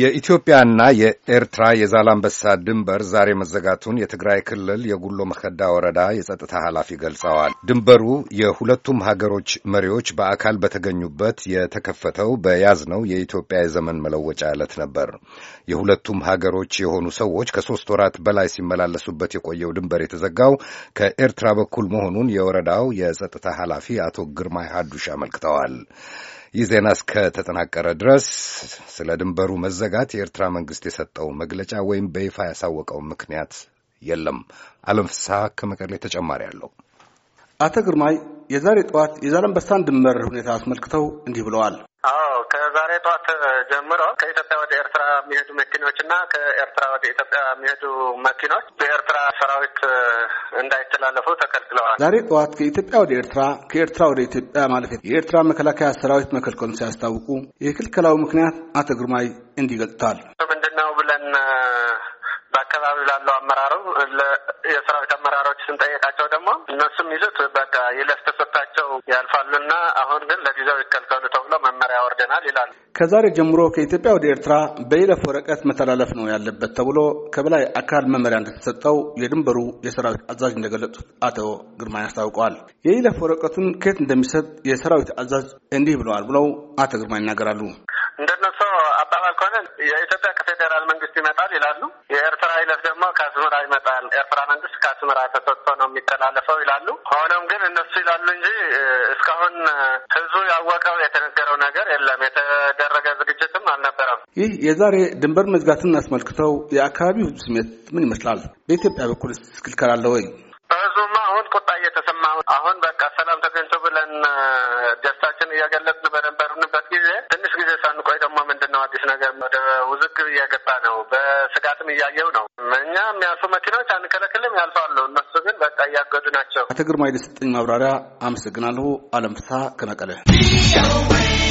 የኢትዮጵያና የኤርትራ የዛላንበሳ ድንበር ዛሬ መዘጋቱን የትግራይ ክልል የጉሎ መከዳ ወረዳ የጸጥታ ኃላፊ ገልጸዋል። ድንበሩ የሁለቱም ሀገሮች መሪዎች በአካል በተገኙበት የተከፈተው በያዝነው የኢትዮጵያ የዘመን መለወጫ ዕለት ነበር። የሁለቱም ሀገሮች የሆኑ ሰዎች ከሶስት ወራት በላይ ሲመላለሱበት የቆየው ድንበር የተዘጋው ከኤርትራ በኩል መሆኑን የወረዳው የጸጥታ ኃላፊ አቶ ግርማይ ሀዱሽ አመልክተዋል። ይህ ዜና እስከተጠናቀረ ድረስ ስለ ድንበሩ መዘጋት የኤርትራ መንግስት የሰጠው መግለጫ ወይም በይፋ ያሳወቀው ምክንያት የለም። አለም ፍስሐ ከመቀሌ ተጨማሪ አለው። አቶ ግርማይ የዛሬ ጠዋት የዛላምበሳን ድንበር ሁኔታ አስመልክተው እንዲህ ብለዋል። አዎ ከዛሬ ጠዋት ጀምሮ ከኢትዮጵያ ወደ ኤርትራ የሚሄዱ መኪኖች እና ከኤርትራ ወደ ኢትዮጵያ የሚሄዱ መኪኖች በኤርትራ ሰራዊት እንዳይተላለፉ ተከልክለዋል። ዛሬ ጠዋት ከኢትዮጵያ ወደ ኤርትራ፣ ከኤርትራ ወደ ኢትዮጵያ ማለት የኤርትራ መከላከያ ሰራዊት መከልከሉን ሲያስታውቁ የክልከላው ምክንያት አቶ ግርማይ እንዲህ ገልጸዋል። ምንድን ነው ብለን በአካባቢው ላለው አመራሩ የሰራዊት አመራሮች ስንጠየቃቸው ደግሞ እነሱም ይዙት በቃ ይለፍ ያወርደናል ይላሉ። ከዛሬ ጀምሮ ከኢትዮጵያ ወደ ኤርትራ በይለፍ ወረቀት መተላለፍ ነው ያለበት ተብሎ ከበላይ አካል መመሪያ እንደተሰጠው የድንበሩ የሰራዊት አዛዥ እንደገለጹት አቶ ግርማይ አስታውቀዋል። የይለፍ ወረቀቱን ከየት እንደሚሰጥ የሰራዊት አዛዥ እንዲህ ብለዋል ብለው አቶ ግርማ ይናገራሉ። እንደነሱ አባባል ከሆነ የኢትዮጵያ ከፌዴራል መንግስት ይመጣል ይላሉ። የኤርትራ ይለፍ ደግሞ ከአስመራ ይመጣል። ኤርትራ መንግስት ከአስመራ ተሰጥቶ ነው የሚተላለፈው ይላሉ። ሆኖም ግን እነሱ ይላሉ እንጂ እስካሁን ህዝቡ ያወቀው የተነገረው ነገር የለም። የተደረገ ዝግጅትም አልነበረም። ይህ የዛሬ ድንበር መዝጋትን አስመልክተው የአካባቢው ህዝብ ስሜት ምን ይመስላል? በኢትዮጵያ በኩል ስክልከል አለ ወይ? በህዝቡማ አሁን ቁጣ እየተሰማ አሁን በቃ ሰላም ተገኝቶ ብለን ደስታችን እያገለጽን በነበርንበት ጊዜ ትንሽ ነገር ወደ ውዝግብ እያገባ ነው። በስጋትም እያየው ነው። እኛ የሚያልፉ መኪኖች አንከለክልም፣ ያልፋሉ። እነሱ ግን በቃ እያገዱ ናቸው። አቶ ግርማ የሰጠኝ ማብራሪያ አመሰግናለሁ። አለም ፍስሀ ከመቀለ